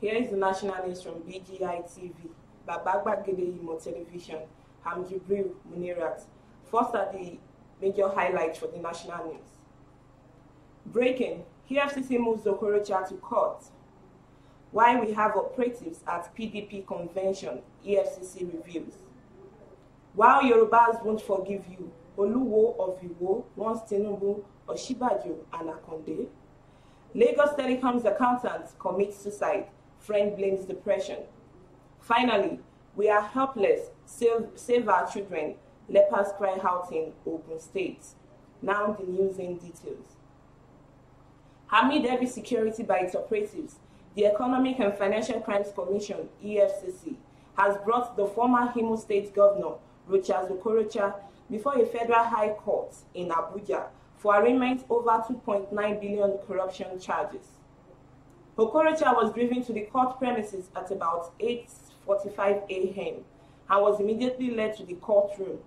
Here is the national news from BGI TV, Baba Gbagede Imo Television, Hamjibril Munirat. First are the major highlights for the national news. Breaking, EFCC moves Okorocha to court. Why we have operatives at PDP convention, EFCC reviews. While Yorubas won't forgive you, Oluwo of Iwo wants Tinubu, Oshibajo, and Akonde. Lagos Telecom's accountant commits suicide Friend blames depression. Finally, we are helpless. Save, save our children. Lepers cry out in open states. Now the news in details. Amid every security by its operatives, the Economic and Financial Crimes Commission, EFCC, has brought the former Himo State Governor, Rochas Okorocha, before a federal high court in Abuja for arraignment over 2.9 billion corruption charges. Okorecha was driven to the court premises at about 8.45 a.m. and was immediately led to the courtroom.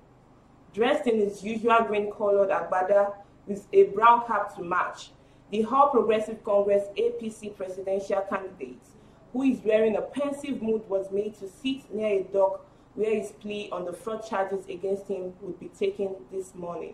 Dressed in his usual green-colored agbada with a brown cap to match, the All Progressive Congress APC presidential candidate, who is wearing a pensive mood, was made to sit near a dock where his plea on the fraud charges against him would be taken this morning.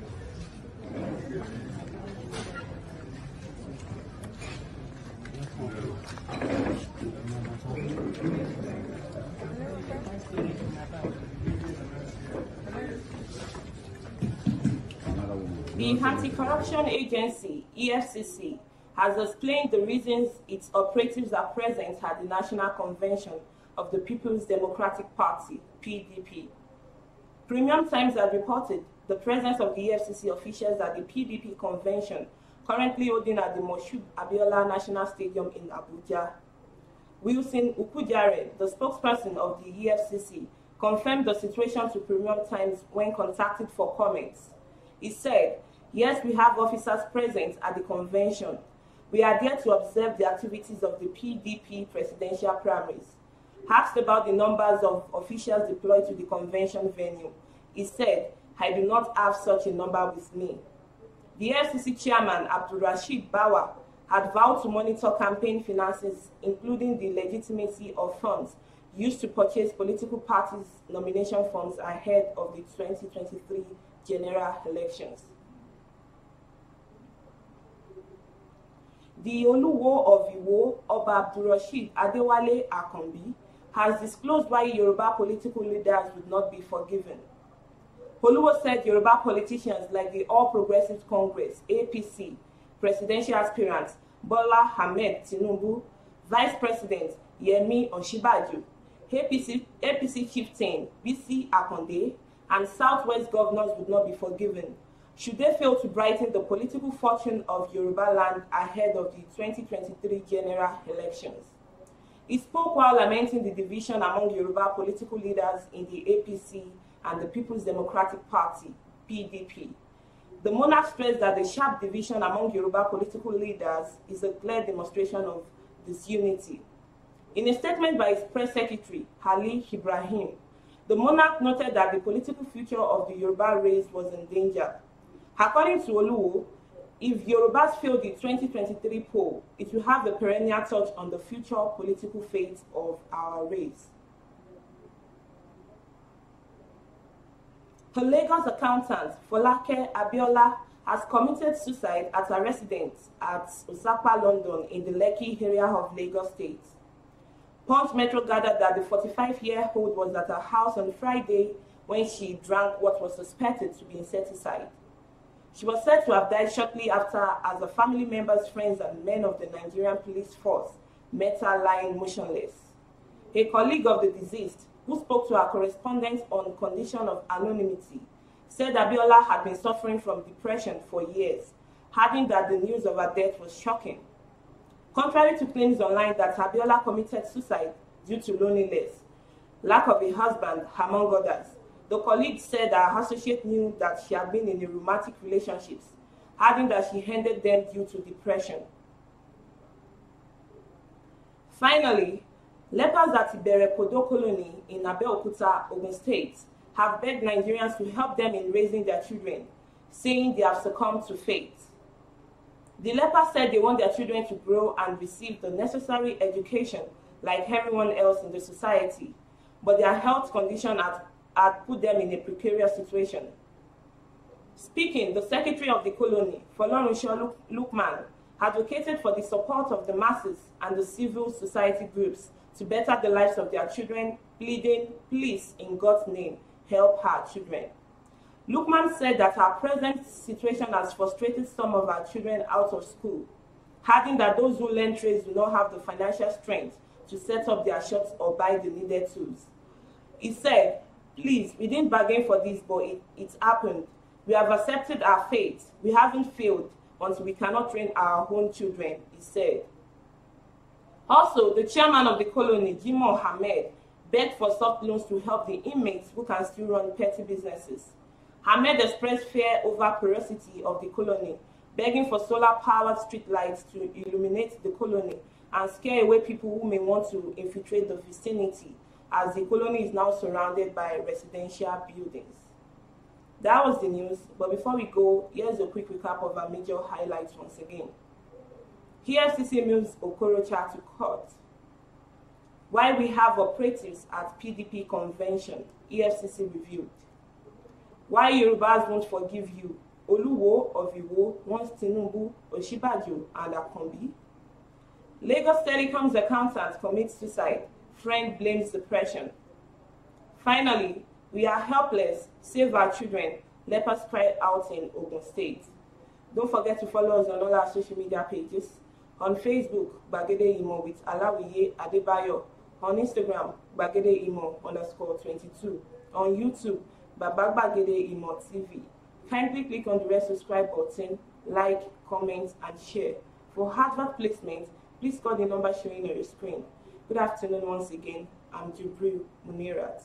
The Anti-Corruption Agency, EFCC, has explained the reasons its operatives are present at the National Convention of the People's Democratic Party, PDP. Premium Times have reported the presence of the EFCC officials at the PDP convention currently holding at the Moshood Abiola National Stadium in Abuja. Wilson Ukujare, the spokesperson of the EFCC, confirmed the situation to Premium Times when contacted for comments. He said Yes, we have officers present at the convention. We are there to observe the activities of the PDP presidential primaries. Asked about the numbers of officials deployed to the convention venue, he said, I do not have such a number with me. The FCC chairman, Abdul Rashid Bawa, had vowed to monitor campaign finances, including the legitimacy of funds used to purchase political parties' nomination funds ahead of the 2023 general elections. The Oluwo of Iwo, Oba Abdurrasheed Adewale Akanbi, has disclosed why Yoruba political leaders would not be forgiven. Oluwo said Yoruba politicians like the All Progressives Congress, APC, presidential aspirants Bola Ahmed Tinubu, Vice President Yemi Osinbajo, APC, APC chieftain Bisi Akonde, and Southwest governors would not be forgiven Should they fail to brighten the political fortune of Yoruba land ahead of the 2023 general elections? He spoke while lamenting the division among Yoruba political leaders in the APC and the People's Democratic Party, PDP. The monarch stressed that the sharp division among Yoruba political leaders is a clear demonstration of disunity. In a statement by his press secretary, Ali Ibrahim, the monarch noted that the political future of the Yoruba race was in danger According to Oluwo, if Yorubas fail the 2023 poll, it will have a perennial touch on the future political fate of our race. Her Lagos accountant, Folake Abiola, has committed suicide at her residence at Osapa, London, in the Lekki area of Lagos State. Punch Metro gathered that the 45-year-old was at her house on Friday when she drank what was suspected to be insecticide. She was said to have died shortly after as her family members, friends, and men of the Nigerian police force met her lying motionless. A colleague of the deceased, who spoke to our correspondent on condition of anonymity, said Abiola had been suffering from depression for years, adding that the news of her death was shocking. Contrary to claims online that Abiola committed suicide due to loneliness, lack of a husband, among others, the colleague said that her associate knew that she had been in a romantic relationships, adding that she ended them due to depression. Finally, lepers at Ibere Kodo Colony in Abeokuta, Ogun State, have begged Nigerians to help them in raising their children, saying they have succumbed to fate. The lepers said they want their children to grow and receive the necessary education like everyone else in the society, but their health condition at had put them in a precarious situation. Speaking, the Secretary of the Colony, Folorunsho Lukman, advocated for the support of the masses and the civil society groups to better the lives of their children, pleading, please, in God's name, help her children. Lukman said that her present situation has frustrated some of her children out of school, adding that those who learn trades do not have the financial strength to set up their shops or buy the needed tools. He said, Please, we didn't bargain for this, but it, it happened. We have accepted our fate. We haven't failed until we cannot train our own children, he said. Also, the chairman of the colony, Jim Mohammed, begged for soft loans to help the inmates who can still run petty businesses. Hamed expressed fear over porosity of the colony, begging for solar-powered streetlights to illuminate the colony and scare away people who may want to infiltrate the vicinity as the colony is now surrounded by residential buildings. That was the news, but before we go, here's a quick recap of our major highlights once again. EFCC moves Okorocha to court. Why we have operatives at PDP convention, EFCC reviewed. Why Yorubas won't forgive you, Oluwo of Iwo wants Tinubu, Oshibajo, and Akombi. Lagos Telecoms accountant commits suicide, friend blames depression. Finally, we are helpless. Save our children. Let us cry out in Ogun State. Don't forget to follow us on all our social media pages. On Facebook, Bagede Imo with Alawiye Adebayo. On Instagram, Bagede Imo underscore 22. On YouTube, Baba Bagede Imo TV. Kindly click on the red subscribe button, like, comment, and share. For hardware placement, please call the number showing on your screen. Good afternoon once again. I'm Jibril Munirat.